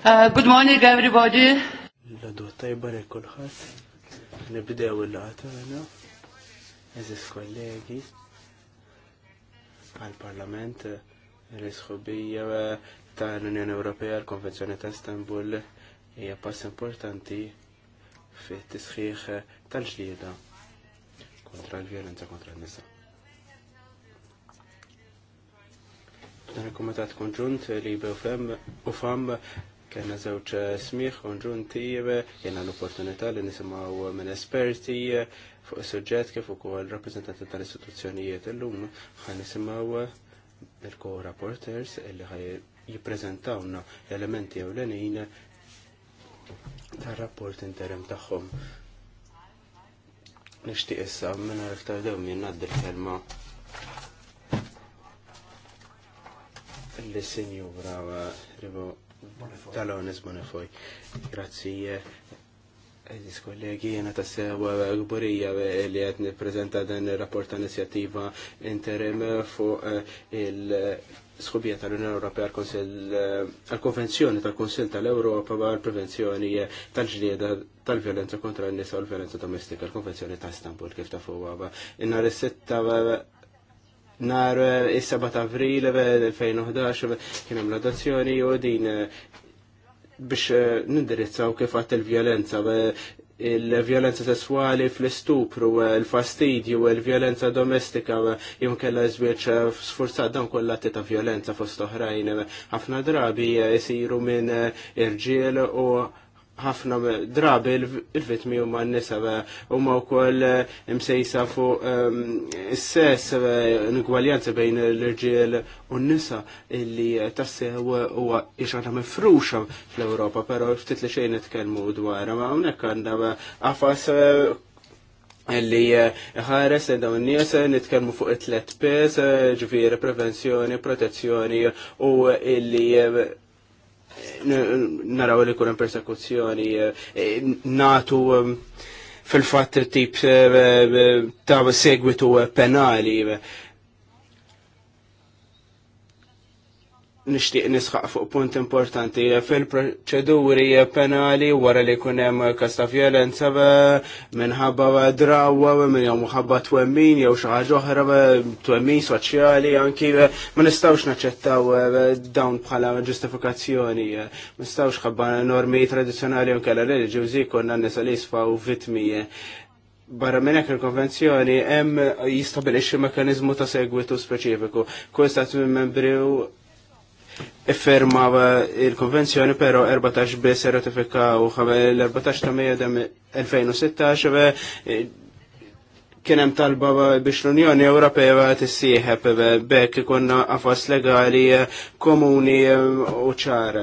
Uh, good morning everybody. L-għadu tajba kulħadd. Nibdew il-għatana. Eżis kollegi. Għal-parlament. Risħubija tal-Unjoni Ewropea l-Konvenzjoni ta' Istanbul hija pass importanti fit tisħiħ tal-ġlieda kontra l-vjolenza kontra n-nisa. Dan il komitat Konġunt li fem u fam Kena zewċ eh, smiħ unġun tijibe, jena l-opportunità li nisimaw eh, minn esperti eh, fuq il-suġġet kif ukoll rappresentanti tal-istituzzjonijiet illum għan nisimaw il-co-rapporters illi ħaj jippreżentawna elementi ewlenin tar-rapport interim tagħhom. Nixtieq issa minn iktar dew minn għaddi l-kelma l sinjura Rivo Tal-Onis Bonifoj. Grazzi. Eżis eh, eh, kollegi, jena ta' sewa eh, gburija li għed niprezenta dan il-rapport inizjattiva interim fuq il-skubija tal-Unjoni Ewropea għal-Konvenzjoni tal-Konsil tal-Europa għal-Prevenzjoni tal-ġlieda tal-violenza kontra n-nisa u l-violenza domestika, l-Konvenzjoni ta' Istanbul, kif ta' fuq għaba. Innar is-sitta nar eh, is sabat avril 2011 eh, eh, kien hemm l-adozzjoni u din biex nindirizzaw kif għat il-vjolenza il-vjolenza sessuali fl-istupru, il-fastidju, il-vjolenza domestika, jumkella zbieċ sforzat dan kollha ta' vjolenza fost oħrajn. Ħafna drabi jisiru minn irġiel u ħafna drabi il-vitmi huma n-nisa huma wkoll imsejsa eh, fu ehm, s sess eh, n-gwaljanza bejn l-irġiel u n-nisa illi tassew huwa ixana mifruxa fl europa però ftit li xejn nitkellmu dwar ma hawnhekk għandna għafas eh, illi ħares daw n-nies nitkellmu fuq it-tlet pes, ġviri, prevenzjoni, protezzjoni u illi naraw li kunem persekuzzjoni eh, eh, natu eh, fil-fat tip ta' segwitu penali nishtiq nisħaq fuq punt importanti fil-proċeduri penali wara li kunem kasta violenza minħabba drawa minn jew mħabba twemmin jew xi ħaġa oħra twemmin soċjali anki ma nistgħux naċċettaw dawn bħala ġustifikazzjoni. Ma nistgħux ħabba normi tradizzjonali u kellha reliġjużi konna nisa li jisfaw vitmi barra minn hekk il-konvenzjoni hemm jistabilixxi mekkaniżmu ta' segwitu speċifiku. Kull stat membri efferma il-konvenzjoni pero 14 bis ratifika u l-14 ta' Mejja 2016 kien hemm talba biex l-Unjoni Ewropea tissieħeb bekk ikunna qafas legali e, komuni e, u ċar.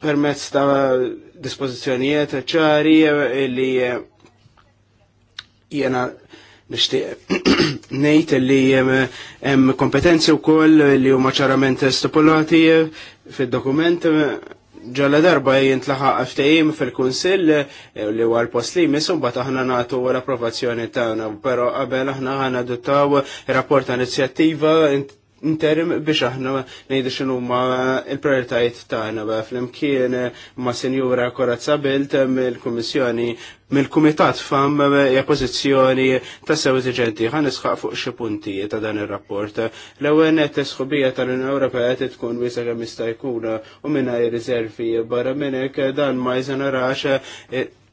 Permezz ta' dispożizzjonijiet ċari e, li jena nishtiq nejt li hemm kompetenzi wkoll li huma ċarament stipulati fid-dokument ġalla darba laħa għaftajim fil-Kunsill eh, li huwa l-post li jmiss bat aħna nagħtu l-approvazzjoni tagħna, pero qabel aħna ħana adottaw rapport għan inizjattiva interim biex aħna nejdu xinu ma l ba tagħna flimkien ma' Sinjura Korazza Bilt mill-Kummissjoni mill-Kumitat fam hija pożizzjoni ta' sew Ġenti. ħa nisħaq fuq xi punti ta' dan ir-rapport. L-ewwel net sħubija tal-Unjoni Ewropea ti tkun wisa kemm jista' jkun u mingħajr riservi barra minnek dan ma jżenerax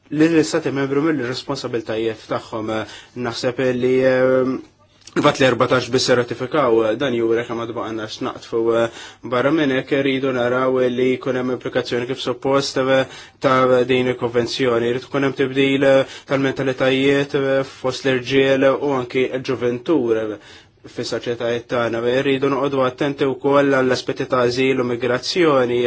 li l-istati membru mill-responsabiltajiet tagħhom naħseb li Bat l-14 bis ratifikaw eh, dan juri kemm għadba għanna xnaqt fu eh, barra minnek rridu naraw li jkun hemm implikazzjoni kif suppost eh, ta' din il-konvenzjoni. Rrid kunem hemm tibdil tal-mentalitajiet fost l-irġiel u anki l-ġuventur fis soċjetajiet tagħna. Irridu noqogħdu attenti wkoll għall-aspetti ta' ażil u migrazzjoni.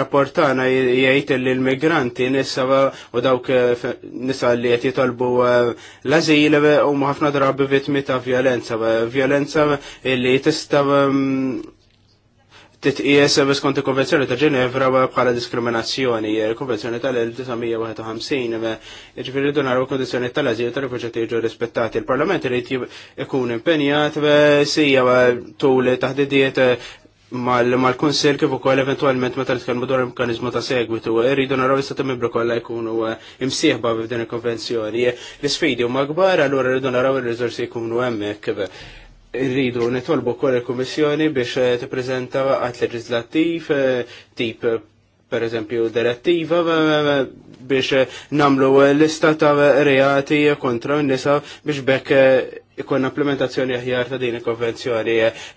Rapport jgħid li l-migranti nissa u dawk eh, nissa' li qed jitolbu eh, l-ażil u ħafna drabi vittmi ta' violenza, violenza illi tista' mm, titqies skont il-Konvenzjoni ta' Ġenevra bħala diskriminazzjoni, konvenzjoni tal-1951, ġifieri donar u kondizzjoni tal-azil tal proġetti jiġu rispettati. Il-Parlament irid ikun impenjat sija tuli taħdidiet eh, mal konsil kif ukoll eventwalment meta nitkellmu dwar il-mekkaniżmu ta' segwitu, irridu naraw is-seta membru kollha jkunu eh, imsieħba f'din il-konvenzjoni. L-isfidi huma kbar, allura rridu naraw ir-riżorsi jkunu hemmhekk. Irridu nitolbu kol il-Kummissjoni biex eh, t-prezenta għat leġislattiv eh, tip eh, per eżempju direttiva biex namlu lista ta' reati kontra n-nisa biex bekk ikon implementazzjoni aħjar ta' din il-konvenzjoni.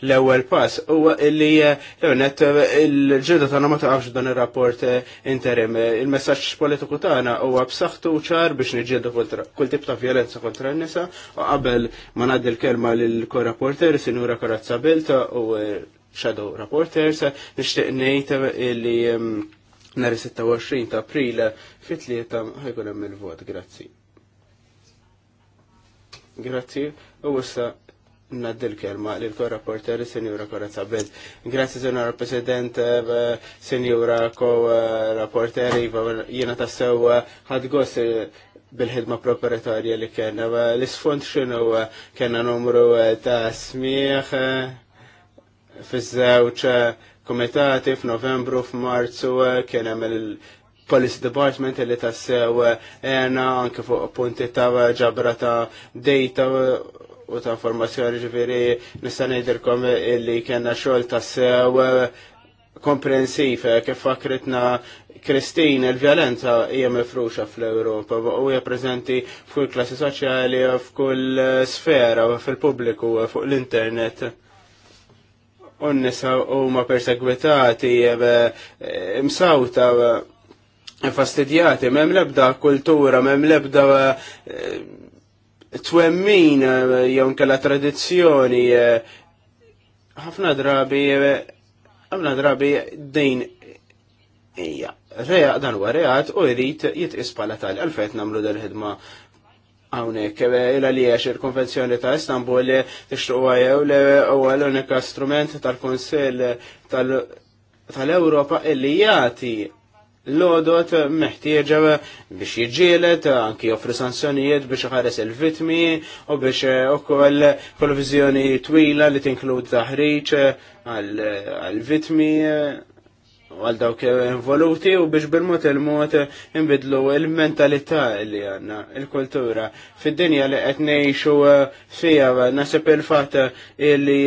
L-ewwel pass huwa li eh, net eh, il-ġilda tagħna ma taqafx dan ir-rapport eh, interim. Il-messaġġ politiku tagħna huwa b'saħħtu ċar biex niġġieldu kull tip ta' violenza kontra n-nisa u qabel ma ngħaddi l-kelma lill korrapporter Sinura Karazza Bilta u Shadow Rapporters nixtieq ngħid li ehm, nhar 26 ta' April fit-tlieta ħajkun hemm il-vot. Grazzi. Grazzi, u wissa Naddi l-kelma li l-korrapporteri Senjura Korazza Bed. Grazie eh, Senjura President, Senjura Ko-rapporteri, iva, jena tassew eh, ħadgos eh, bil-ħidma preparatorja li kena. l sfond xinu kena numru ta' smieħ fiż-żewġ komitati f'Novembru, f'Marzu, kena mill Police Department li tassew għena eh, anke fuq punti ta' ġabra ta' data u ta' informazzjoni ġifiri nista' ngħidilkom illi kena xogħol tassew eh, komprensiv eh, kif fakritna Kristin il-vjolenza hija mifruxa fl-Ewropa u hija preżenti f'kull klassi soċjali f'kull sfera fil-pubbliku fuq l-internet. U nisa huma persegwitati msawta fastidjati, mem lebda kultura, mem lebda eh, twemmin eh, jew kella tradizzjoni. Eh, ħafna drabi, ħafna drabi din hija dan u reat u jrid jitqis tal għalfejn nagħmlu dal-ħidma hawnhekk ila li għax il-Konvenzjoni ta' Istanbul li tixtuqwa jew li huwa l-unika strument tal-Kunsill tal-Ewropa illi jagħti l-odot meħtieġa biex jġielet, anki joffri sanzjonijiet biex ħares il-vitmi u biex eh, koll provizjoni twila li tinklud taħriċ eh, għal-vitmi eh, għal dawk involuti u biex bil-mod il-mod imbidlu il-mentalità li għanna, il-kultura. Fid-dinja li qed ngħixu fija naħseb il-fatt li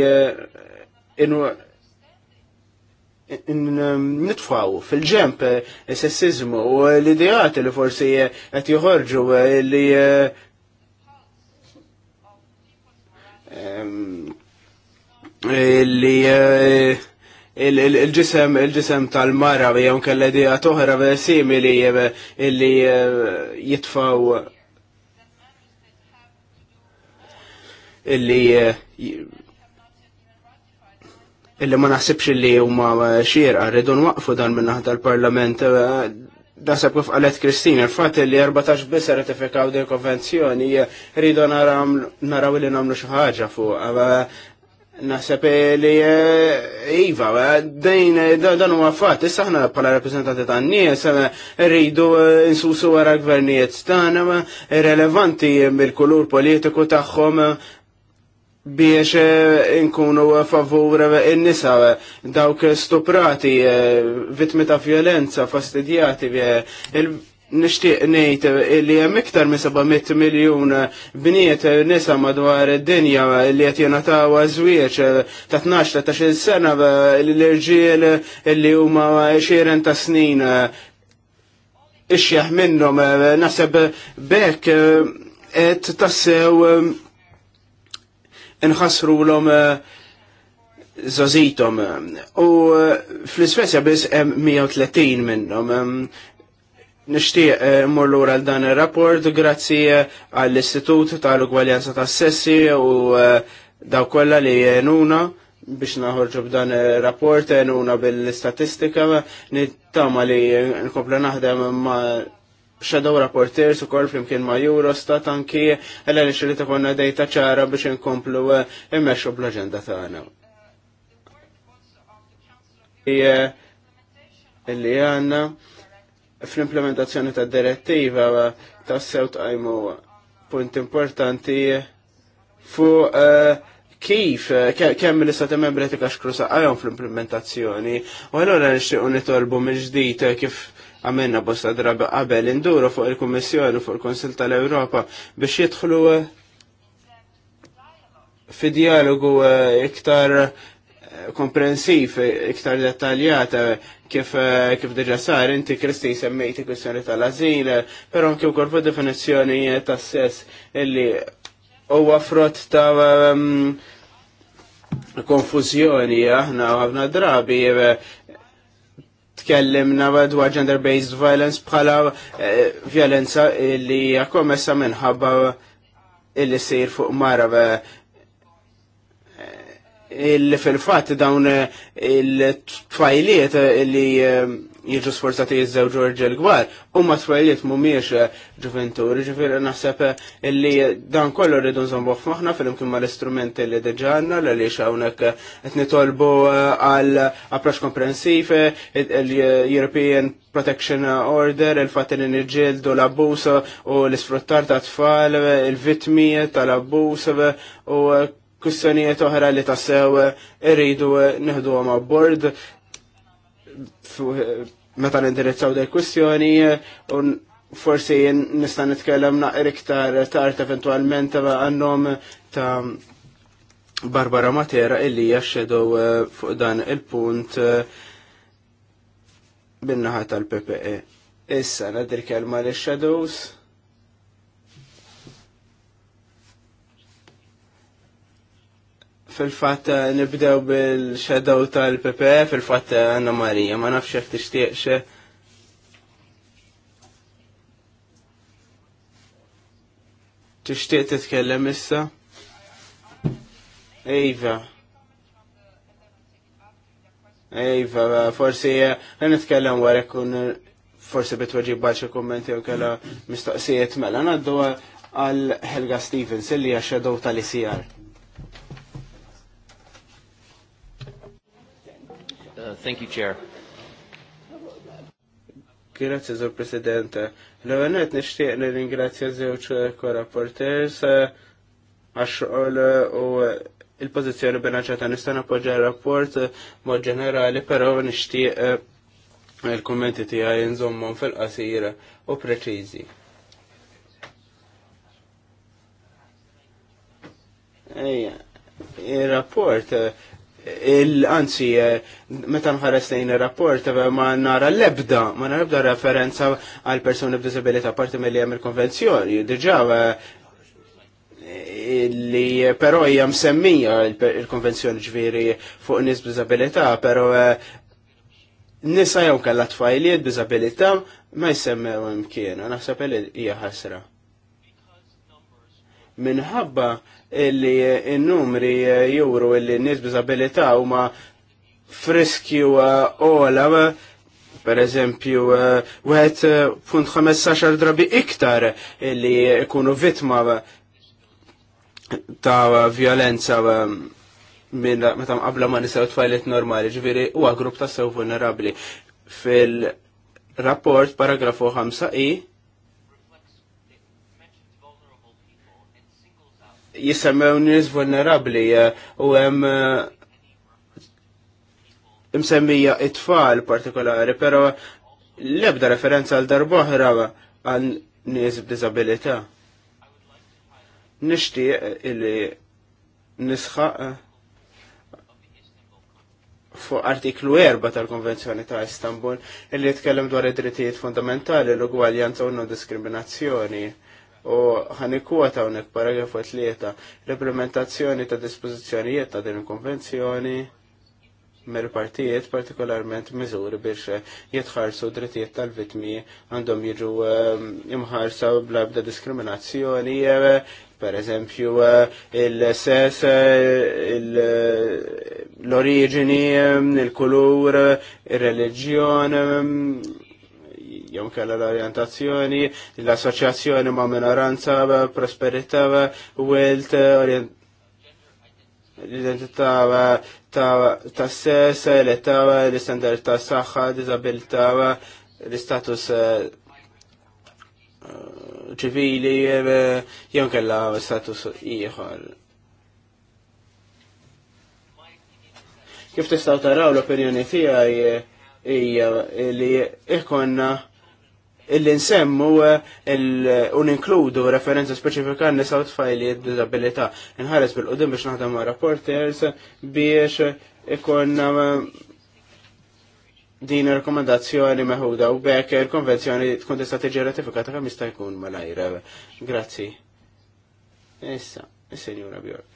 nitfaw fil-ġemp eh, sessizmu u l ideati li forsi eh, qed joħorġu eh, li li il-ġisem il-ġisem tal-mara jew kella idea toħra simili li jitfaw li illi ma naħsibx li huma xierqa rridu nwaqfu dan minn naħa tal parlament eh, Dasab kif qalet Kristina, il-fatt li 14 biss ratifikaw din konvenzjoni eh, rridu naraw li nagħmlu xi ħaġa fuq. Eh, naħseb li Iva, dejn dan huwa fatt, issa aħna bħala rappreżentanti tan-nies rridu nsusu wara gvernijiet tagħna irrelevanti mill-kulur politiku tagħhom biex eh, inkunu favur eh, in-nisa eh, dawk stuprati, vittmi ta' violenza, fastidjati, nishtiq nejt li hemm iktar minn 700 miljun bniet nisa madwar id-dinja li qed jingħataw żwieġ ta' 12-13 sena l-irġiel li huma xieren ta' snin ixjaħ minnhom naseb bekk qed tassew nħasru l-om eh, zazitom. U eh, fl-Svezja biss hemm 130 minnhom. Nixtieq eh, mmur lura għal dan ir-rapport grazzi għall-Istitut tal-Ugwaljanza tas-Sessi u daw kollha li jenuna biex naħorġu b'dan ir-rapport jenuna bil-istatistika nittama li nkomplu naħdem ma' shadow rapporteurs u kol flimkien ma' Eurostat anki għallan xirrit ikonna dejta ċara biex inkomplu eh, immexxu bl-agenda tagħna. Eh, illi għanna fl-implementazzjoni ta' direttiva eh, ta' sew tajmu punt importanti fu kif, kemm l-istati membri tika xkrusa għajom fl-implementazzjoni, u għallura nixtiqu nitolbu mġdijt kif għamenna bosta drabi qabel induru fuq il-Kummissjoni fuq il-Konsil tal-Ewropa biex jidħlu eh, fi dialogu eh, iktar eh, komprensiv, iktar dettaljata kif kif diġa sar inti Kristi semmejti kwestjoni tal-azil, però anke wkoll fuq definizzjoni tas-sess illi huwa frott ta' ehm, konfuzjoni aħna ħafna drabi tkellimna dwar gender-based violence bħala eh, violenza li komessa minħabba illi sir fuq mara eh, illi fil-fat dawn eh, il-tfajliet illi jiġu sforzati jizzewġu rġel gwar, u ma twelliet mumiex eh, ġuventuri, ġifiri naħseb eh, illi dan kollu rridu nżombu f'maħna fil-imkien ma l-istrumenti li deġanna, l li xawnek etnitolbu eh, għal approċ komprensiv, l-European Protection Order, il-fat li nġildu l-abbus u l-isfruttar ta' tfal, il-vitmi tal-abbus u kussonijiet oħra li tassew irridu neħdu għom bord meta nindirizzaw dal kwistjoni u forsi nista' nitkellem naqra iktar tard eventwalment għannom ta' Barbara Matera illi xedow eh, fuq dan il-punt eh, bin-naħa tal-PPE. Issa nadir kelma l-Shadows. Fil-fat eh, nibdew bil-shadow tal-PP, e, fil-fat eh, Anna Marija, ma nafx jek tixtieqx. Tixtieq titkellem issa? Iva. Iva, eh, forsi nitkellem wara kun forsi bitweġib bħalċa kommenti u kalla mistoqsijiet mela. Naddu għal Helga Stevens, illi għaxedow tal-ICR. Thank you, Chair. Grazie, Sir Presidente. L-għanet nishtiq li ringrazzja zewċ korrapporters eh, għaxqol eh, u il-pozizjoni binaċata nistan appoġġa rapport eh, mod ġenerali, pero nishtiq il-kommenti ti għaj nżommon fil qasir u preċizi. Ejja, il-rapport anzi eh, meta nħares lejn il-rapport, eh, ma nara l-ebda, ma nara l-ebda referenza għal persuni b'disabilità parti mill hemm il-konvenzjoni. Diġa eh, li però hija msemmija il-konvenzjoni ġviri fuq nies b'disabilità, però nisa jew kellha b b'disabilità ma jsemmew imkien, naħseb li hija ħasra minħabba illi n-numri eh, juru illi n-nis bizabilita u ma eh, friskju ola per eżempju, u eh, għet punt 15 drabi iktar illi ikunu vitma ta' violenza minn meta qabla ma nisaw t-fajlet normali, ġviri u grupp ta' sew vulnerabli. Fil-rapport paragrafu 5i jisemmew nis vulnerabli eh, u hemm imsemmija eh, it-tfal partikolari, pero lebda referenza għal darboħra għal nies b'disabilità. Nixtieq illi nisħaq eh, fuq artiklu 4 tal-Konvenzjoni ta' Istanbul illi jitkellem dwar id-drittijiet fundamentali l-ugwaljanza u non-diskriminazzjoni u ħanikwota unek paragrafu tlieta replementazzjoni ta' dispożizzjonijiet ta' din il-konvenzjoni mer partijiet partikolarment miżuri biex jitħarsu drittijiet tal-vitmi għandhom jiġu ehm, imħarsa bl-abda diskriminazzjoni per eżempju il-sess, l-origini, il-kulur, il-reliġjon, ehm, jew kella l-orientazzjoni, l-assoċjazzjoni ma' minoranza, prosperità, wilt, l-identità ta' sess, l-età, l-istandard ta' saħħa, disabilità, l-istatus eh, eh, ċivili, jew kella status ieħor. Kif tistaw taraw l-opinjoni tiegħi hija li ikonna illi nsemmu eh, un-inkludu referenza specifika għan nisa u id disabilita. Nħares bil-qudim biex naħdem ma' rapporters biex ikon eh, din rekomendazzjoni meħuda u bekk il-konvenzjoni tkun tista' tiġi ratifikata kemm jista' jkun malajr. Grazzi. Issa, is-Sinjura Bjork.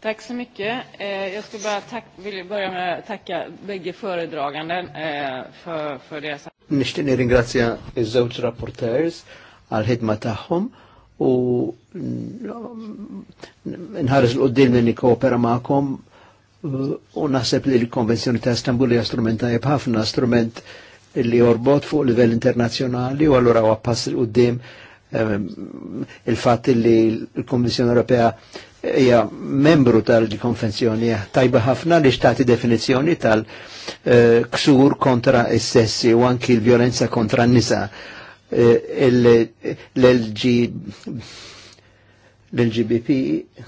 Tack så mycket. Eh, jag skulle bara tack, vill börja med att tacka bägge föredraganden eh, för, för deras... Nishtiqni ringrazzja iż-żewġ rapporteurs għal ħidma tagħhom u nħares l-qoddim li nikkoopera magħkom eh, u naħseb li l-Konvenzjoni ta' Istanbul hija strument tajjeb ħafna strument li jorbot fuq livell internazzjonali u allura huwa pass il-qudiem Ehm, il fat li l-Kommissjoni Ewropea hija membru tal-konvenzjoni tajba ħafna li xtati definizzjoni tal-ksur kontra s-sessi u anki l-violenza kontra n-nisa eh, l lgbp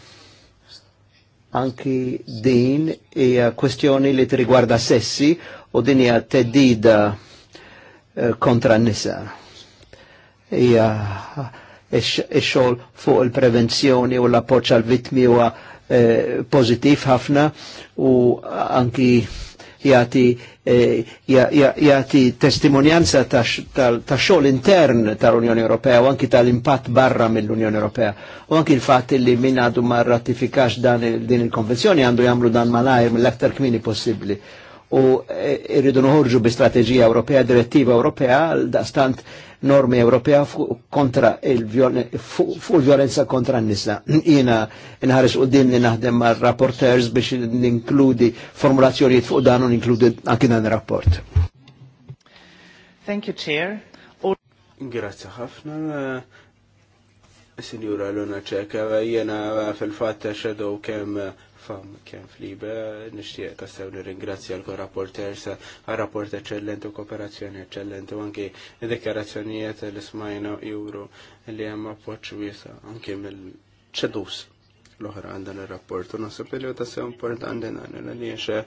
anki din hija kwestjoni li trigwarda sessi u din hija teddida eh, kontra n-nisa hija ix-xogħol fuq il-prevenzjoni u l-appoġġ għal vittmi huwa eh, pożittiv ħafna u anki jati eh, jati testimonjanza ta' xogħol intern tal-Unjoni Ewropea u anki tal-impatt barra mill-Unjoni Ewropea. U anki l-fatt li min għadu ma ratifikax dan din il-konvenzjoni għandu jagħmlu dan malajr mill-aktar kmini possibbli u eh, irridu nħorġu bi strategija Ewropea, direttiva Ewropea, l-dastant normi Ewropea kontra il-violenza kontra n-nisa. Ina nħares u din li naħdem ma' rapporters biex ninkludi formulazzjoniet fuq dan u ninkludi anki dan il rapport. Thank you, Chair. Grazie ħafna. Eh, Signora Luna Ceca, jena fil fatta xedow kem fam kien flibe, nishtiq kassew li ringrazzja l rapporter sa għal-rapport eccellenti u kooperazzjoni eccellenti, u anki id-dekarazzjonijiet li smajna juru li għem appoċ wisa, anki mill-ċedus l ohra għandan il-rapport. U nasib li u tassew importanti għandan li jiexe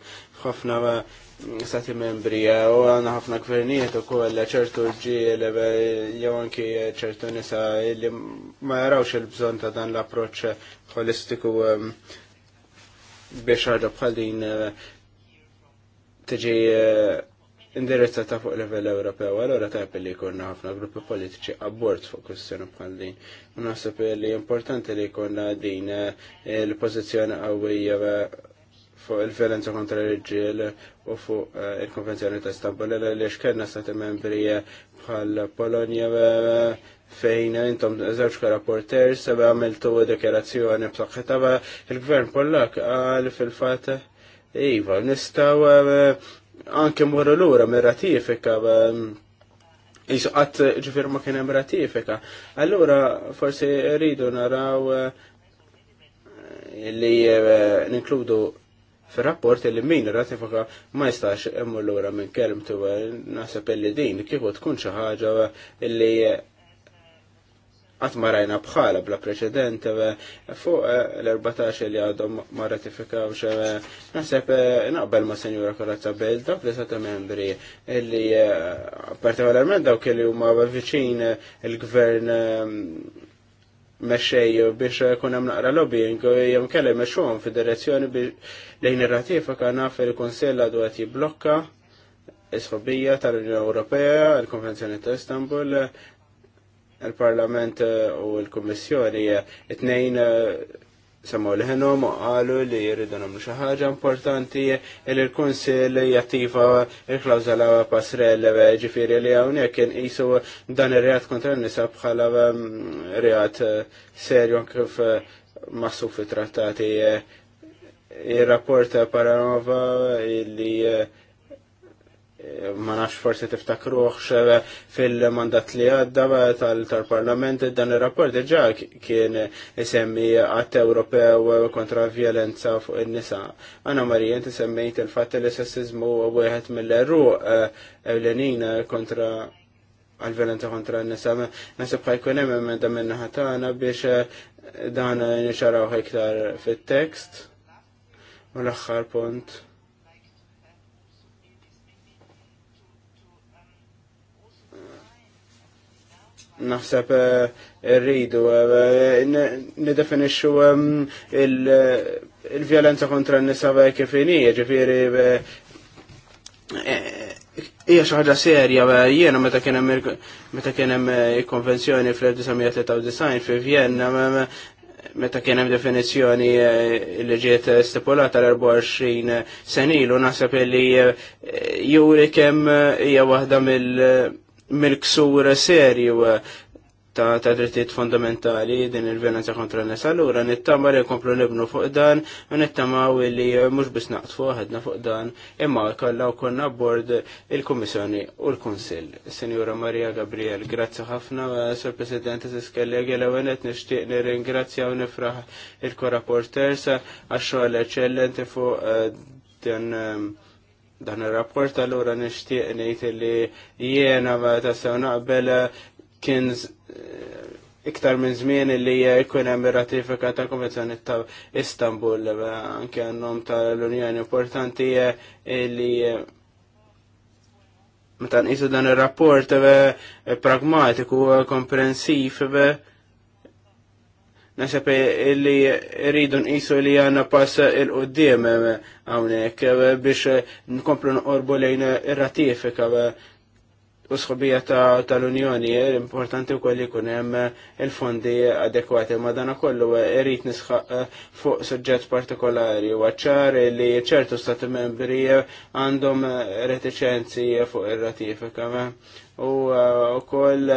ħafna mm, sati membri eh, u għanna ħafna gvernijiet u koll eh, ċertu ġi li eh, jew anki ċertu nisa li ma jarawx il-bżon ta' dan l-approċ holistiku biex ħarġa bħal din eh, tiġi eh, indirizzata ta' fuq level Ewropew, allora ta' li jkollna ħafna gruppi politiċi abbord fuq kwestjoni bħal din. Naħseb li importanti li jkollna din eh, il pozizjoni għawija fuq il-violenza kontra l-irġiel u fuq il-Konvenzjoni ta' Istanbul li xkenna sa' membri bħal Polonja fejn intom żewġ rapporter se għamiltu dekerazzjoni b'saħħitha il-gvern Pollak għal fil-fatt iva nistgħu eh, anke morru lura mir-ratifika eh, Isu għat ġifir ma kien hemm ratifika. Allura forsi rridu naraw eh, li ninkludu fil-rapport li min ratifika ma jistax emmu l-ura minn kelmtu naħseb li din kieku tkun xi ħaġa li għatma rajna bħala bla preċedent fuq eh, l-14 li għadhom ma ratifikaw nasib eh, naqbel ma senjura Korazza Bell dawk li sata membri li eh, partikolarment dawk li huma viċin il-gvern meċċej biex kun hemm naqra lobbying jew kellem meċxuhom fid-direzzjoni biex lejn ir-ratifika naf il konsell għadu qed jibblokka isħobija tal-Unjoni Ewropea, il-Konvenzjoni ta' Istanbul, il-Parlament eh, u l-Kommissjoni eh, it-nejn eh, l-ħenom għalu li jiridu namlu xaħġa importanti li l-Kunsil jattiva il-klawzala pasrelle ġifiri li għawni kien jisu dan il-reat kontra n-nisa bħala mm, reat serju kif massu fi trattati il-rapport Paranova li ma nafx forsi tiftakruħx fil-mandat li għadda tal-parlament dan il-rapport diġà kien isemmi għat Ewropew kontra violenza fuq il-nisa. Anna Marija, inti semmejt il-fat li sessizmu u wieħed mill-erru eh, ewlenin kontra għal-violenza kontra n-nisa. Nasib ħajkun hemm emenda minna ħatana biex eh, dan nixaraw iktar fit-tekst. U l-axħar punt naħseb eh, rridu eh, nidefinixxu ehm, il-vjolenza kontra n-nisa kif inhi, ġifieri eh, hija xi ħaġa serja jiena meta kien hemm meta kien hemm konvenzjoni fl-1993 fi Vienna ehm, meta kien hemm definizzjoni li ġiet stipulata l-24 senilu naħseb li juri kemm hija waħda mill mil ksur serju ta', ta drittijiet fondamentali din il-violenza kontra n-nisa allura nittama li nkomplu nibnu fuq dan u nittama li mhux bis naqtfu għedna fuq dan imma u konna bord il-Kummissjoni u l-Kunsill. Sinjura Maria Gabriel, grazzi ħafna Sur President u l nishtiq nixtieq ingrazzja u nifraħ il-korrapporters għax-xogħol eċċellenti fuq eh, dan eh, dan il-rapport allura nishtiq nejt li jiena ta' sew naqbel eh, kien eh, iktar minn żmien li jkun hemm ratifika ta' Konvenzjoni ta' Istanbul eh, anke għandhom tal-Unjoni importanti li meta nqisu dan ir-rapport pragmatiku komprensiv Nasab li rridu nqisu li għanna pass il-qoddim għawnek eh, eh, biex nkomplu nqorbu lejn ir-ratifika eh, u sħobija tal-Unjoni importanti u kolli jkun hemm il-fondi adekwati Madana kollu irrid nisħaq fuq suġġett partikolari u ċar li ċertu stati membri għandhom reticenzi fuq ir-ratifika u koll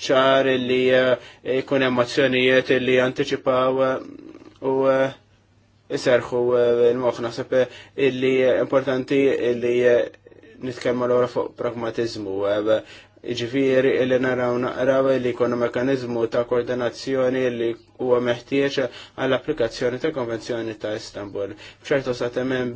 ċar li jkun eh, hemm azzjonijiet li anticipaw eh, u eh, iserħu l-moħħ naħseb illi importanti illi nitkellmu l fuq pragmatizmu ġifiri illi naraw naqraw li jkunu mekanizmu ta' koordinazzjoni li huwa meħtieġ għall-applikazzjoni ta' konvenzjoni ta' Istanbul. ċertu sa' temmen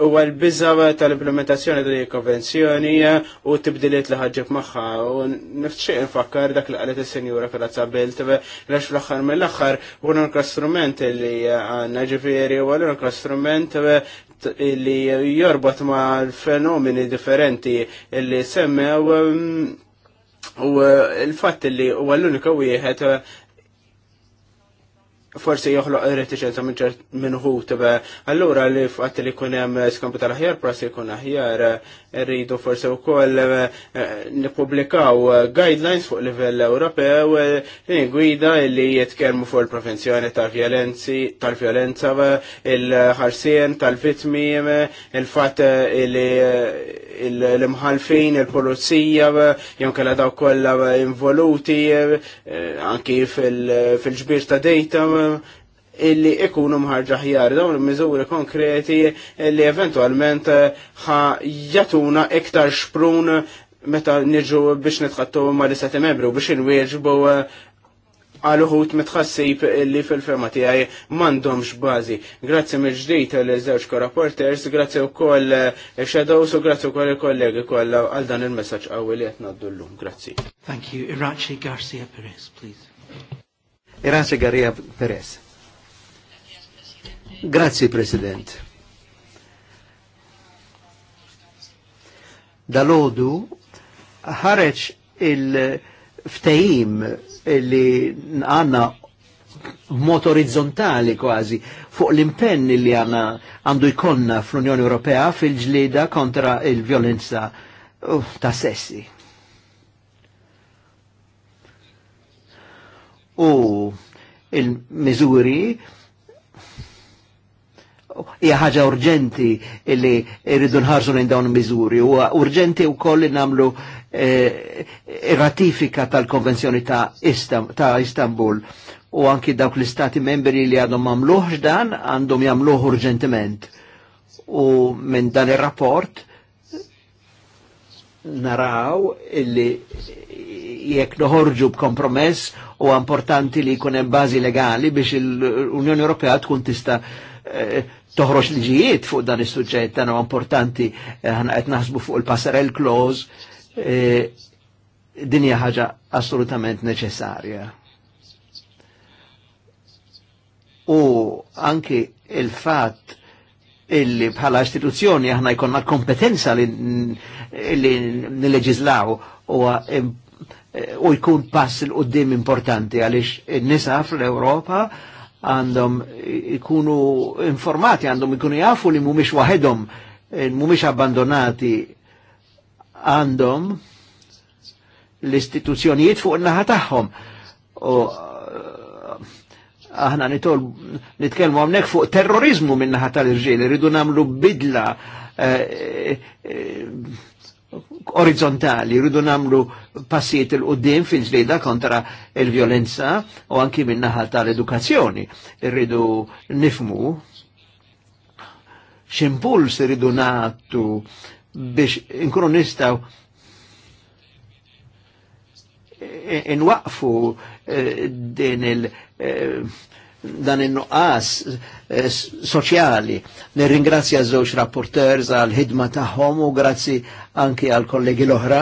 huwa l bizzaw tal-implementazzjoni ta' konvenzjoni eh, u tibdiliet li ħagġib magħha u nifċi nfakkar dak li qalet is-senjura Karazza Belt lex eh, fl-aħħar mill-aħħar u l unka strument li eh, għandna ġifieri u l unka strument li jorbot ma' fenomeni differenti li semmew mm, u uh, il fatt li huwa l-unika wieħed forsi joħloq reticenza minn ħut, allura li fqat li kun hemm skampu tal-aħjar prassi jkun aħjar rridu forsi wkoll eh, nippubblikaw guidelines fuq livell Ewropew eh, gwida li jitkellmu fuq il-prevenzjoni tal-vjolenzi tal-vjolenza il-ħarsien tal-vittmi il-fatt eh, li l-imħalfin, il-polizija, jom kalla daw kolla involuti eh, anki fil-ġbir ta' dejta illi ikunu mħarġa ħjar dawn il-miżuri konkreti illi eventualment eh, ħa jatuna iktar xprun meta nġu biex nitħattu ma l-istati membri u biex inwieġbu eh, għal uħut mitħassib li fil ferma tijaj mandomx bazi. Grazzi mill-ġdijt l-żewġ korrapporters, grazzi u koll eh, shadows u grazzi u koll kollegi koll għal dan il-messagġ għawi li għetna d-dullum. Grazzi. Thank you. Irachi Garcia Perez, please. Irachi Garcia Perez. Grazzi, President. Dal-ħodu, ħareċ il- ftejim li għanna mod orizzontali kważi fuq l-impenn li għanna għandu jkonna fl-Unjoni Ewropea fil-ġlida kontra il-violenza ta' sessi. U il-mizuri hija ħaġa urġenti li rridu nħarsu lejn dawn il miżuri u urġenti wkoll li nagħmlu Eh, ratifika tal-Konvenzjoni ta', Istanbul u anki dawk l-istati membri li għadhom mamluħx dan għandhom jamluħ urġentiment. U minn dan ir-rapport naraw illi jekk noħorġu b'kompromess u importanti li jkun hemm bażi legali biex l-Unjoni Ewropea tkun tista' eh, toħroġ liġijiet fuq dan is-suġġett dan importanti eh, ħana qed naħsbu fuq il-passerell clause E, dinja ħaġa assolutament neċessarja. U anki il-fat illi bħala istituzzjoni aħna jkonna kompetenza li nil-leġizlaw u u jkun pass il-qoddim importanti għalix n-nisa fl-Europa għandhom ikunu informati, għandhom ikunu jafu li mumiex wahedhom, mumiex abbandonati għandhom l-istituzzjonijiet fuq il-naħa tagħhom. U eh, aħna nitol nitkellmu hawnhekk fuq terrorizmu minn naħa tal-irġiel, irridu nagħmlu bidla eh, eh, orizzontali, rridu namlu passijiet il-qoddim fil-ġlida kontra il-violenza u anki min-naħa tal-edukazzjoni. Rridu nifmu ximpuls rridu natu biex inkunu nistaw inwaqfu eh, din il eh, dan il-nuqqas eh, soċjali. Nirringrazzja żewġ rapporteurs għal ħidma tagħhom u grazzi anki għal kollegi l-oħra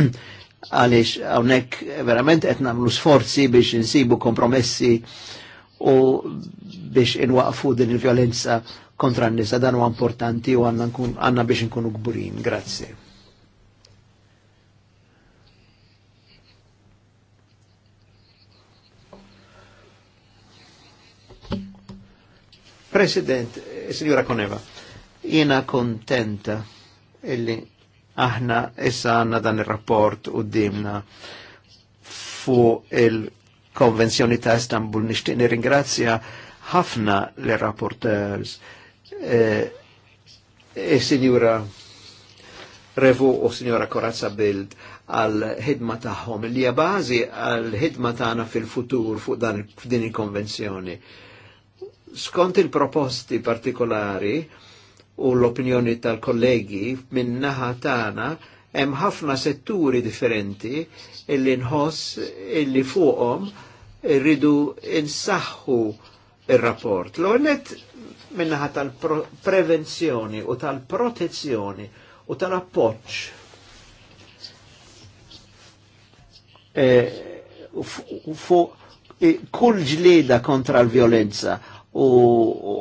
għaliex hawnhekk verament qed nagħmlu sforzi biex insibu kompromessi u biex inwaqfu din il-vjolenza kontra n-nisa dan u importanti u għanna biex nkunu gburin. Grazie. President, eh, signora Koneva, jena kontenta illi aħna issa għanna dan il-rapport u dimna fu il-Konvenzjoni ta' Istanbul. Nishtiq ringrazzja ħafna l-rapporteurs Eh, e, signora Revo u Signora Corazza Bild għal-ħidma tagħhom li hija bażi għal-ħidma tagħna fil-futur fuq dan f'din il-konvenzjoni. Skont il-proposti partikolari u l-opinjoni tal-kollegi minn naħa tagħna hemm ħafna setturi differenti illi nħoss illi fuqhom irridu insaħħu ir-rapport. L-għonet minnaħa tal-prevenzjoni u tal-protezzjoni u tal-appoċ e, fuq e, kull ġlida kontra l-violenza u,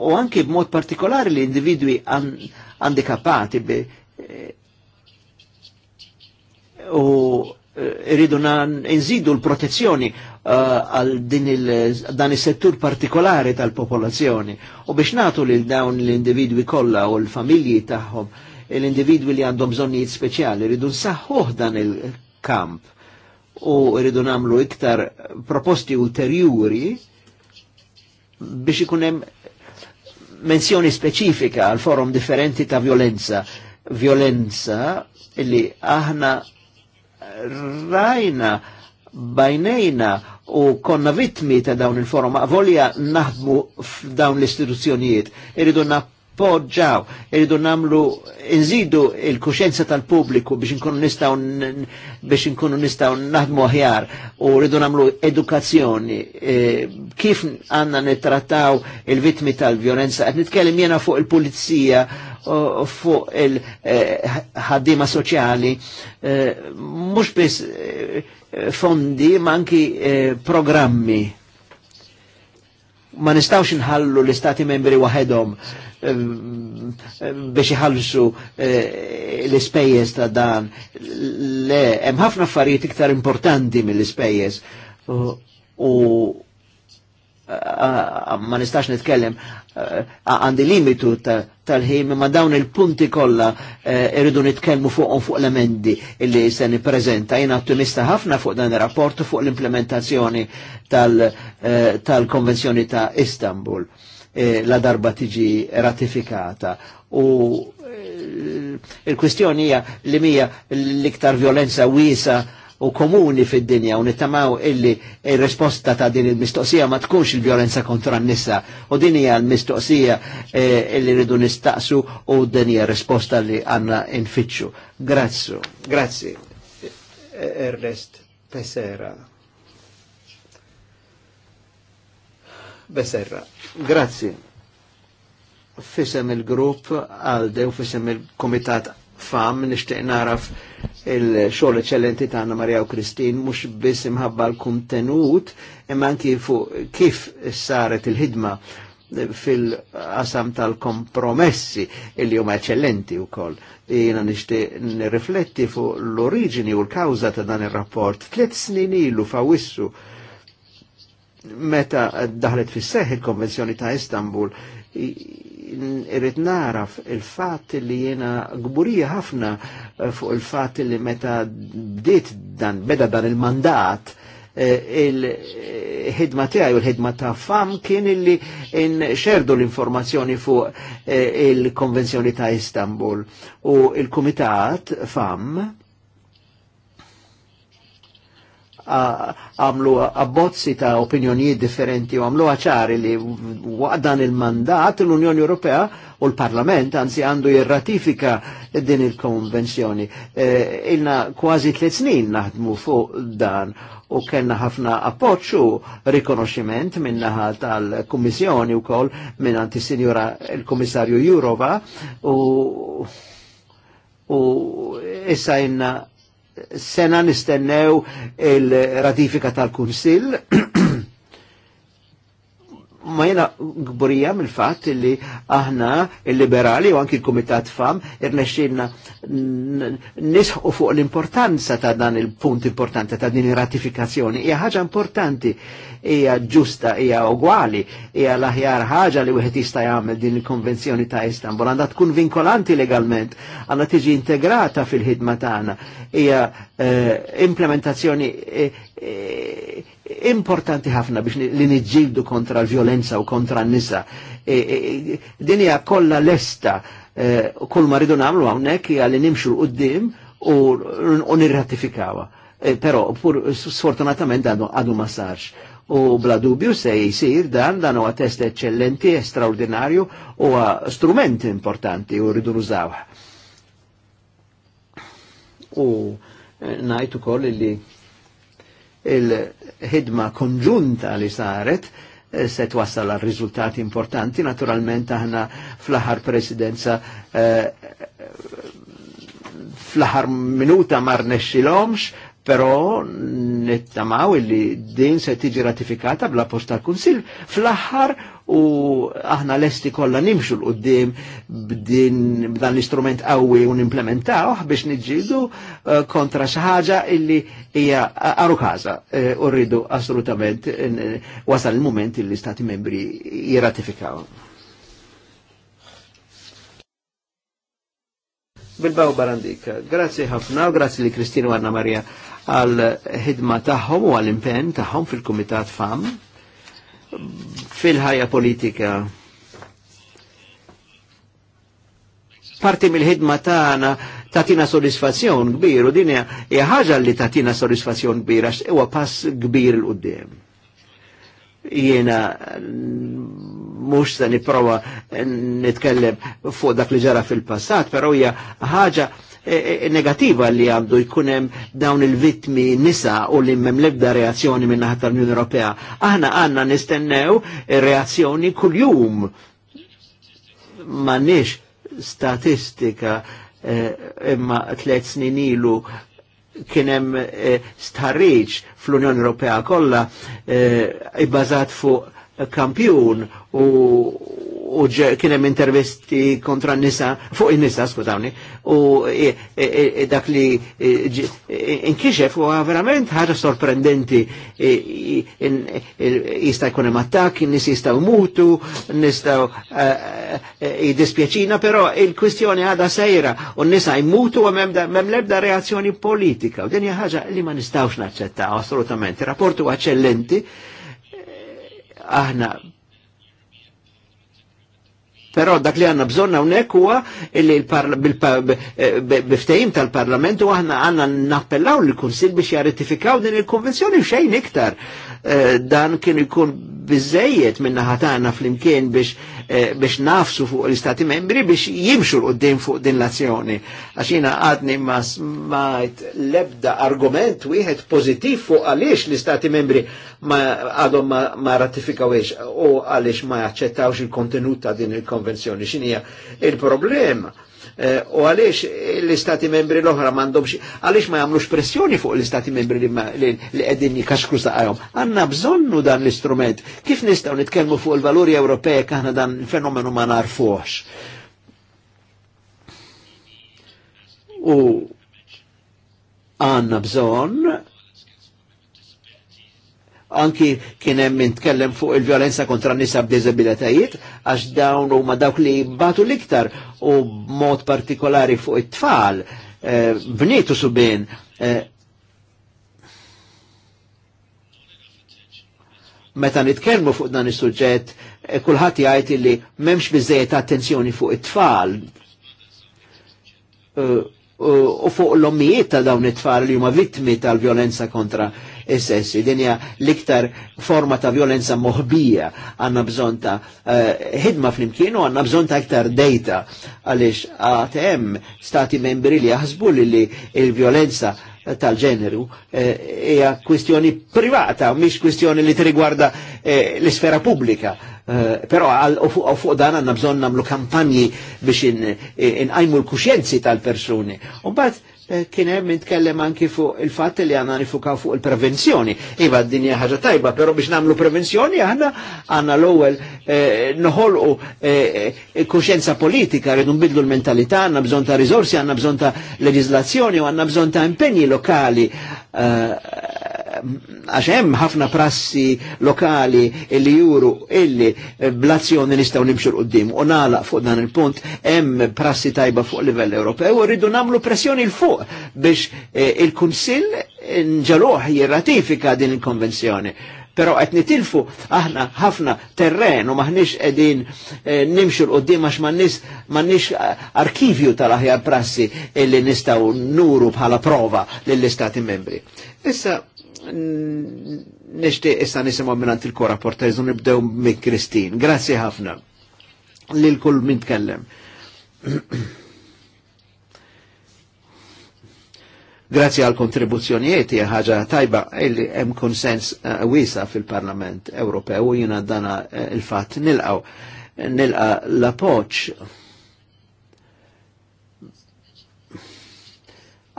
u anki b'mod partikolari li individwi għandikapati an, bi, e, u irridu nżidu l-protezzjoni eh, għal dan is-settur partikolari tal-popolazzjoni u biex natu lil dawn l-individwi kollha u l-familji tagħhom l-individwi li għandhom bżonnijiet speċjali rridu nsaħħuh dan il-kamp u rridu namlu iktar proposti ulterjuri biex ikun hemm menzjoni speċifika għal forum differenti ta' violenza. Violenza illi aħna rajna bajnejna u konna vitmi ta' dawn il-forum, volja naħdmu f'dawn l-istituzzjonijiet, irridu Poġġaw irridu namlu, nżidu il-kuxenza tal-pubbliku biex nkunu nistaw biex nkunu nistaw naħdmu aħjar u rridu namlu edukazzjoni. E, kif għanna nittrattaw il-vitmi tal-violenza? qed nitkellem jena fuq il-pulizija, fuq il-ħaddima e, soċjali, e, Mhux mux fondi, ma anki programmi ma nistawx nħallu l-istati membri waħedhom biex iħallsu eh, l-ispejjeż ta' dan. Le, hemm ħafna affarijiet iktar importanti mill-ispejjeż. U ma nistax nitkellem għandi limitu tal-ħim ma dawn il-punti kolla eh, irridu nitkellmu fuqhom fuq l-emendi illi se nippreżenta. Jiena ottimista ħafna fuq dan ir-rapport fuq l-implementazzjoni eh, tal-Konvenzjoni ta' Istanbul. Eh, la darba tiġi ratifikata. U eh, il-kwestjoni hija li mija l-iktar violenza wisa u komuni fid-dinja u nittamaw illi il-risposta ta' din il-mistoqsija ma tkunx il-violenza kontra n-nisa u din hija l-mistoqsija eh, illi rridu nistaqsu u din hija risposta li għanna infittxu. Grazzi, grazzi. E-, Ernest Tessera. Beserra, Grazzi. Fisem il-grupp għalde u fisem il-komitat fam nishtiq naraf il-xogħol eċċellenti tagħna Marja u Kristin mhux biss imħabba l-kuntenut imma anki fuq kif saret il-ħidma fil-qasam tal-kompromessi illi huma eċċellenti wkoll. Jiena nixtieq nirrifletti fuq l-oriġini u l-kawża ta' dan ir-rapport. Tliet snin ilu fawissu meta daħlet fis seħ il-Konvenzjoni ta' Istanbul, irrit naraf il-fat li jena gburija ħafna eh, fuq il-fat li meta bdiet dan, beda dan il-mandat, eh, il-ħidma tiegħi u l-ħidma ta' fam kien illi xerdu l-informazzjoni fuq eh, il-Konvenzjoni ta' Istanbul u il-Kumitat fam għamlu abbozzi ta' opinjonijiet differenti u għamlu ċari li dan il-mandat l-Unjoni Ewropea u l-Parlament anzi għandu jirratifika din il-konvenzjoni. E, ilna kważi tliet snin naħdmu fuq dan u kena ħafna appoċċu rikonoximent minnaħa tal-Kummissjoni u koll minn anti sinjura il kommissarju Jurova u u issa jenna sena nistennew il-ratifika tal-Kunsill ma jena gburija mill fatt li aħna il-liberali u anki il-Komitat FAM irnexxilna nisħu fuq l-importanza ta' dan il-punt importanti ta' din il ratifikazzjoni. Hija ħaġa importanti, hija ġusta, hija ugwali, hija l-aħjar ħaġa li wieħed jista' jagħmel din il-Konvenzjoni ta' Istanbul għandha tkun vinkolanti legalment, għandha tiġi integrata fil-ħidma tagħna. Hija eh, implementazzjoni eh, eh, importanti ħafna biex li nġildu kontra l-violenza u kontra n-nisa. E, e, e Dinja kolla lesta e, u kull maridu namlu għawnek għalli nimxu l-qoddim u nirratifikawa. E, Pero, pur sfortunatament għadu għadu massarx. U bla dubju se jisir dan, dan huwa test eccellenti, straordinarju u strumenti importanti u rridu nużawh. U e, najtu koll li il-ħidma konġunta li saret eh, se twassal għal riżultati importanti, naturalment aħna fl-aħħar presidenza eh, fl-aħħar minuta mar nexxilhomx Pero nittamaw illi din se tiġi ratifikata bla posta kunsil fl-aħħar u aħna lesti kollha nimxu l qudiem b'din b'dan l-istrument qawwi u nimplementawh biex niġġieldu eh, kontra xi ħaġa illi hija għaru każa eh, u rridu assolutament wasal il-mument illi stati membri jirratifikaw. Bilbao Barandika. Grazie ħafna, grazie li Kristina u Anna Maria għal ħidma tagħhom u għal impenn tagħhom fil-Kumitat FAM fil-ħajja politika. Parti mill-ħidma tagħna tatina sodisfazzjon kbir u dinja, hija ħaġa li tatina sodisfazzjon kbir għax huwa pass kbir il qoddim jiena mux se niprofa nitkellem fuq dak li ġara fil-passat, pero hija ħaġa E, e, e, negativa li għandu jkunem dawn il-vitmi nisa u li mmem lebda reazzjoni minna ħatta l-Unjoni Ewropea. Aħna għanna nistennew reazzjoni kull-jum. statistika imma tlet snin ilu kienem starriċ fl-Unjoni Ewropea kollha ibbażat fuq kampjun u u kienem intervisti kontra nisa, fuq nisa skutawni, u dak li inkixef u verament ħaġa sorprendenti jista jkun hemm attakk, nis jistaw mutu, nistaw eh, eh, jidispjaċina, però il-kwistjoni għada sejra u nisa jmutu u mem lebda reazzjoni politika. U din ħaġa li ma nistawx naċċettaw assolutament. Rapportu għacċellenti, eh, aħna Però dak li għanna bżonna unek huwa li eh, biftejim tal-parlament u għanna għanna nappellaw l-Kunsil biex jarratifikaw din il-konvenzjoni xejn iktar. Eh, dan kien ikun bizzejiet minna ħatana fl-imkien biex Eh, biex nafsu fuq l-istati membri biex jimxu l-qoddim fuq din l-azzjoni. Għaxina għadni ma smajt lebda argument wieħed pozitiv fuq għaliex l-istati membri ma għadhom ma, ma ratifikawiex u għaliex ma jaċċettawx il-kontenut ta' din il-konvenzjoni. Xinija il-problema Eh, u għaliex eh, l-istati membri l-oħra xie, għaliex ma jamlux pressjoni fuq l-istati membri li għedin jikaxkru saqajom. Għanna bżonnu dan l-istrument. Kif nistaw nitkelmu fuq il-valuri Ewropej kħana dan il-fenomenu ma narfuħx? U għanna bżon anki kien hemm nitkellem fuq il violenza kontra nisa b'diżabilitajiet għax dawn huma dawk li batu l-iktar u mod partikolari fuq it-tfal, eh, bnietu subin. Eh, meta nitkellmu fuq dan is-suġġett, eh, kulħadd jgħid li m'hemmx biżejjed attenzjoni fuq it-tfal. U fuq l-ommijiet ta' dawn it-tfal li huma vittmi tal-vjolenza kontra is-sessi. Dinja l-iktar forma ta' violenza moħbija għanna bżonn ta' eh, ħidma uh, fl-imkienu għanna ta' iktar data għalix hemm stati membri li jaħsbu li il-violenza tal-ġeneru eh, hija e, kwistjoni privata, mhix kwistjoni li tirigwarda eh, l-isfera pubblika. E, Però fuq dan għanna bżonn nagħmlu kampanji biex inqajmu in l-kuxjenzi tal-persuni. Umbagħad kien hemm nitkellem anki fuq il-fatt li għandna nifukaw fuq il-prevenzjoni. Iva d-dinja ħaġa tajba, pero biex namlu prevenzjoni għanna għanna l-ewwel eh, noħolqu eh, eh kuxjenza politika, rridu nbidlu l-mentalità, għanna bżon ta' riżorsi, għanna bżon ta' leġislazzjoni u għandna bżonn ta' impegni lokali. Eh, għax hemm ħafna prassi lokali illi juru illi eh, blazzjoni nistgħu nimxu l qudiem u nagħlaq fuq dan il-punt hemm prassi tajba fuq livell Ewropew u rridu nagħmlu pressjoni l fuq biex eh, il-Kunsill nġaluħ jirratifika din il-konvenzjoni. Pero qed nitilfu aħna ħafna terren u maħniex qegħdin eh, nimxu l-qoddim għax m'għandniex eh, arkivju tal-aħjar prassi illi nistgħu nuru bħala prova lill-istati membri. Issa nishtiq issa nisimgħu minant il kora portajzu nibdew minn Kristin. Grazzi ħafna lil kull min tkellem. Grazzi għal kontribuzzjonijiet hija ħaġa tajba illi hemm konsens eh, wiesa fil-Parlament Ewropew u jiena dana eh, il-fatt nilqaw nilqa l-appoġġ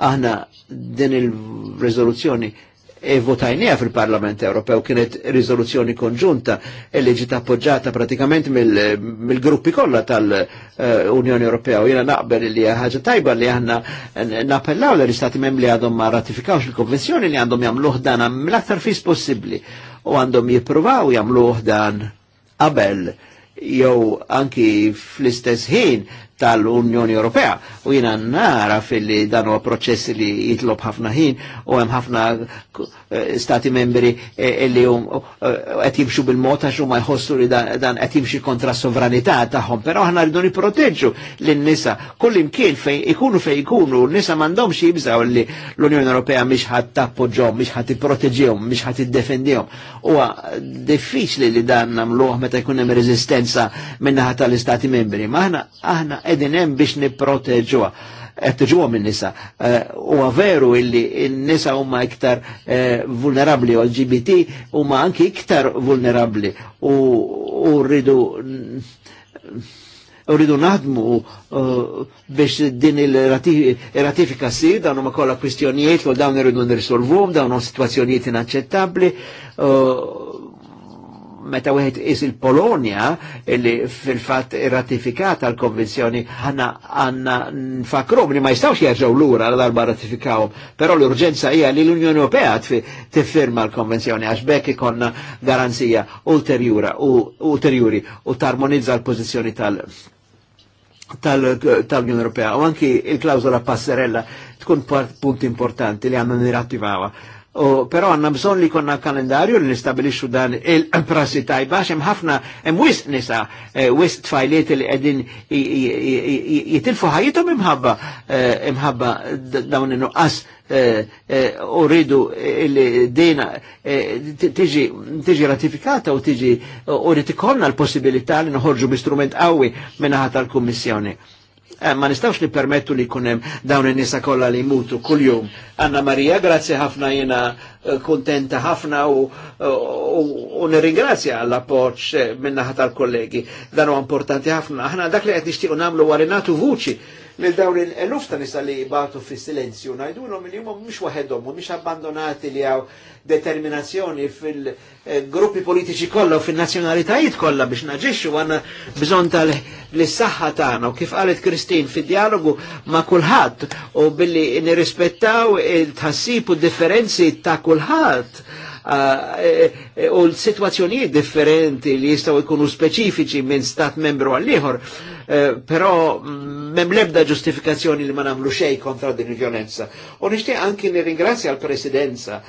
aħna din il-rezoluzzjoni E votajnija fil-Parlament Ewropew kienet riżoluzzjoni konġunta e li ġiet appoġġata pratikament mill-gruppi mil kollha tal-Unjoni uh, Ewropea u jiena naqbel li ħaġa tajba li aħna nappellaw l-istati membri li għadhom ma ratifikawx il-konvenzjoni li għandhom jagħmlu dan mill-aktar fis possibbli u għandhom jippruvaw jagħmlu dan qabel jew anki fl-istess ħin tal-Unjoni Ewropea. U jina nara fil-li dan huwa li jitlob ħafna ħin u hemm ħafna eh, stati membri eh, li eh, qed jimxu bil-mod għax huma jħossu li dan qed jimxi kontra sovranità tagħhom, però aħna rridu nipproteġġu lin-nisa kull imkien fejn ikunu fejn ikunu, n-nisa m'għandhomx jibżgħu li l-Unjoni Ewropea mhix ħadd tappoġġhom, mhix ħadd tipproteġihom, mhix ħadd iddefendihom. Huwa diffiċli li dan nagħmluh meta jkun hemm reżistenza minnaħa tal-istati membri. Ma aħna aħna edin hemm biex niproteġuha qed tiġuha min-nisa. Eh, huwa veru illi n-nisa huma iktar eh, vulnerabbli u LGBT huma anki iktar vulnerabbli u rridu rridu naħdmu eh, biex din il-ratifika si, dawnu ma kolla kwistjonijiet u dawnu rridu nirsolvuhom, dawnu situazzjonijiet inaċċettabli. inaċċettabbli meta wieħed is il polonia li fil-fatt ratifikata l-konvenzjoni ħana għanna nfakrom li ma jistawx jerġgħu lura l darba ratifikawhom, però l-urġenza hija li l-Unjoni Ewropea tiffirma l-konvenzjoni għax bekk ikonna garanzija ulterjura u ulterjuri u tarmonizza l-pożizzjoni tal- tal-Unjoni Ewropea u anki il-klawzola passerella tkun punt importanti li għandna nirattivawa U, pero għanna bżon li konna kalendarju li nistabilixu dan il-prassi tajba, xem ħafna, jem wis nisa, eh, wis tfajliet li għedin jitilfu ħajitom imħabba, eh, imħabba dawn nuqqas eh, u rridu il-dina tiġi ratifikata u tiġi u rritikonna l-possibilità li nħorġu bi strument għawi minna ħata l-Kommissjoni. Eh, ma nistawx li permettu li kunem dawn in-nisa kolla li mutu kuljum. Anna Marija, grazie ħafna jena eh, kontenta ħafna u, eh, u, u nirringrazzja għall appoġġ minna tal-kollegi. Dan u importanti ħafna. Aħna dak li qed nixtiequ nagħmlu wara vuċi lil dawn il-eluf ta' nisa li batu fi silenzju, najdulom li jumma mux wahedom, mux abbandonati li għaw determinazzjoni fil-gruppi politiċi kollha u fil-nazjonalitajiet kollha biex naġixxu għanna bżon tal-saħħa tagħna u kif qalet Kristin fid-dialogu ma' kulħadd u billi nirrispettaw il-tħassib u differenzi ta' kulħadd Eh, eh, u l-situazzjonijiet differenti li jistaw ikunu speċifiċi minn stat membru għall-ieħor, eh, però mem mm, lebda ġustifikazzjoni li ma nagħmlu xejn kontra din il-violenza. U nixtieq anki nirringrazzja l-Presidenza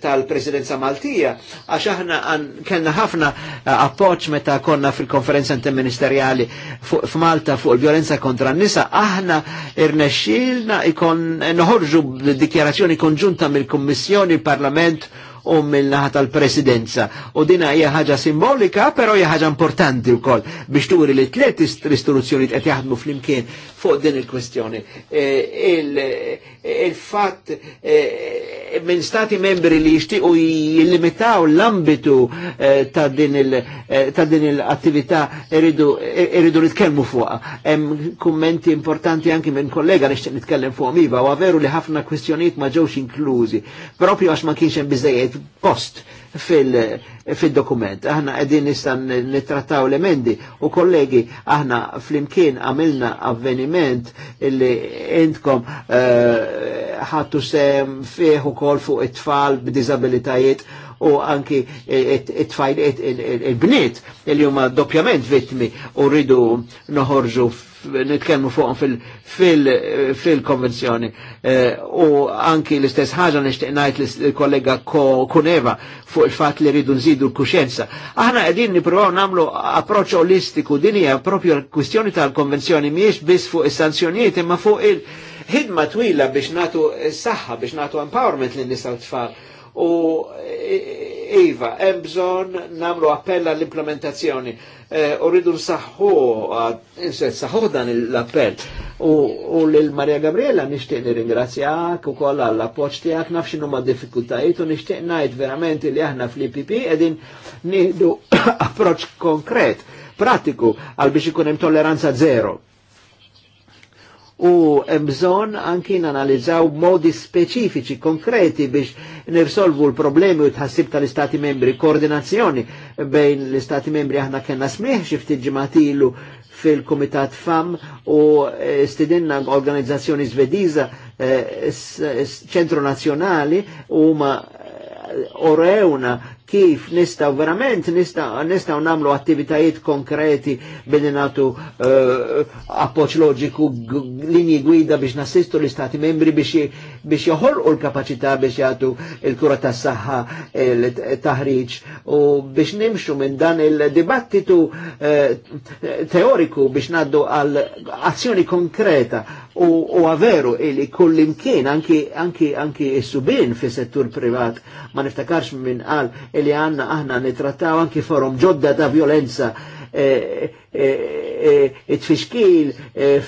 tal-Presidenza Maltija għax aħna kellna ħafna appoġġ meta konna fil-konferenza interministeriali f'Malta fuq il-violenza kontra n-nisa, aħna irnexxilna ikon noħorġu dikjarazzjoni konġunta mill-Kummissjoni, il-Parlament u mill-naħa tal-presidenza. U dina hija ħaġa simbolika, però hija ħaġa importanti wkoll biex turi li tliet istruzzjoni qed jaħdmu flimkien fuq din il-kwestjoni. E, e, il-fatt e, minn stati membri li jixtiequ jillimitaw l-ambitu eh, ta' din l eh, attività irridu nitkellmu fuqa. Hemm kummenti importanti anki minn kollega nixtieq nitkellem fuqhom iva, u veru li ħafna kwistjonijiet ma ġewx inklużi, propju għax ma kienx hemm biżejjed post fil-dokument. Fil aħna għedin nistan nitrattaw l-emendi u kollegi aħna fl-imkien għamilna avveniment illi intkom eh, ħattu uh, sem fieħu kol fuq it-tfal b'dizabilitajiet u anki it-tfajl il-bniet li huma doppjament vittmi u rridu noħorġu nitkellmu fuqhom fil-konvenzjoni. Eh, u anki l-istess ħaġa nixtieq ngħid l-kollega Kuneva fuq il-fatt li rridu nżidu l-kuxjenza. Aħna qegħdin nippruvaw nagħmlu approċċ olistiku din hija propju l-kwistjoni tal-konvenzjoni mhijiex biss fuq is-sanzjonijiet imma fuq il- ħidma twila biex natu saħħa, biex natu empowerment lin nisa tfal U eh, Iva, hemm bżonn nagħmlu appell għall-implementazzjoni. Eh, u rridu nsaħħu, eh, saħħu dan l-appell. U lil Maria Gabriella nixtieq nirringrazzjak ukoll għall appoġġ tiegħek naf x'inhu ma' diffikultajiet u nixtieq ngħid verament li aħna fl-IPP qegħdin nieħdu approċċ konkret, pratiku għal biex ikun hemm tolleranza zero u bżon anki nanalizzaw modi specifici konkreti biex nirsolvu l-problemi u tħassib tal-Istati membri, koordinazzjoni bejn l-Istati membri aħna kena smieħ xifti ġematilu fil-Komitat FAM u eh, stidinna organizzazzjoni svediza eh, ċentru nazjonali u ma eh, orewna kif nistaw verament nistaw, nistaw namlu attivitajiet konkreti bil natu uh, appoċ loġiku linji gwida biex nassistu l-istati membri biex biex joħolqu l-kapacità biex jgħatu il-kura tas-saħħa il-taħriġ u biex nimxu minn dan il-dibattitu eh, teoriku biex naddu għal azzjoni konkreta u għaveru li kullimkien anki anki anki subin fi settur privat ma niftakarx minn qal li għanna aħna nitrattaw anki forum ġodda ta' violenza eh, it-fiskil e, e, e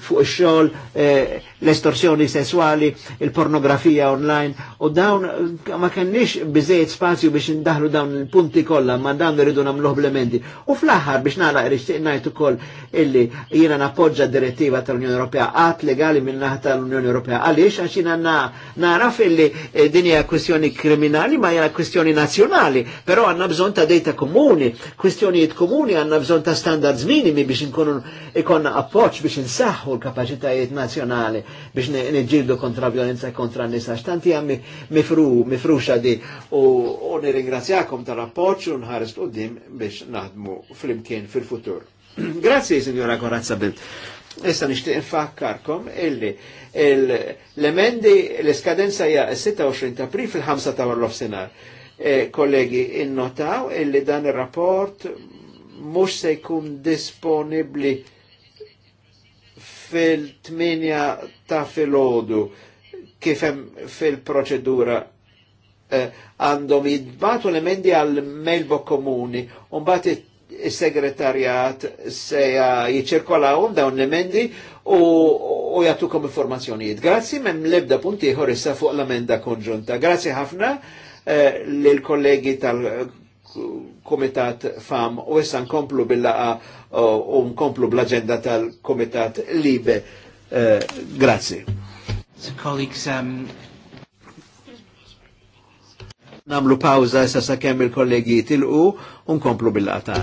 fuq xol, l-estorsjoni sessuali, il-pornografija online, u dawn ma kenniex bizzejt spazju biex ndaħlu dawn il-punti kollha, ma dawn rridu nagħmlu blementi. U fl-aħħar biex nara irixtieq najtu koll illi jiena napoġġa direttiva tal-Unjoni Ewropea għat legali minn naħa tal-Unjoni Ewropea. Għaliex għax jina naraf illi eh, din hija kwistjoni kriminali ma hija kwestjoni nazjonali però għandna bżonn ta' dejta komuni, kwistjonijiet komuni għandna bżonn ta' standards minimi biex nkunu ikonna appoċ biex nsaħħu l-kapacitajiet nazjonali biex neġildu kontra violenza kontra nisa. Xtanti għammi mifru, mifruxa di u, u nirringrazzjakom ta' appoċ u nħares l-qoddim biex naħdmu fl-imkien fil-futur. Grazie, signora Corazza Bilt. Issa nishtiq infakkarkom illi l-emendi l-iskadenza hija 26 april fil-5 ta' l Senar. E, kollegi innotaw illi dan il-rapport mux se jkun disponibli fil-8 ta' fil-ħodu kifem fil-proċedura eh, għandhom uh, jidbatu l-emendi għal-mailbo komuni un bat il-segretarjat se eh, jiċirkolawum dawn l-emendi u, u jatukom informazzjonijiet. Grazzi, mem lebda punti issa fuq l-amenda konġunta. Grazzi ħafna uh, eh, l-kollegi tal- Komitat Fam u issa nkomplu bil-laqa u nkomplu bl-agenda tal-Komitat Libe. Eh, Grazie. So colleagues, um... Namlu pawza issa sa' kemm il-kollegi tilqu u nkomplu bil-laqa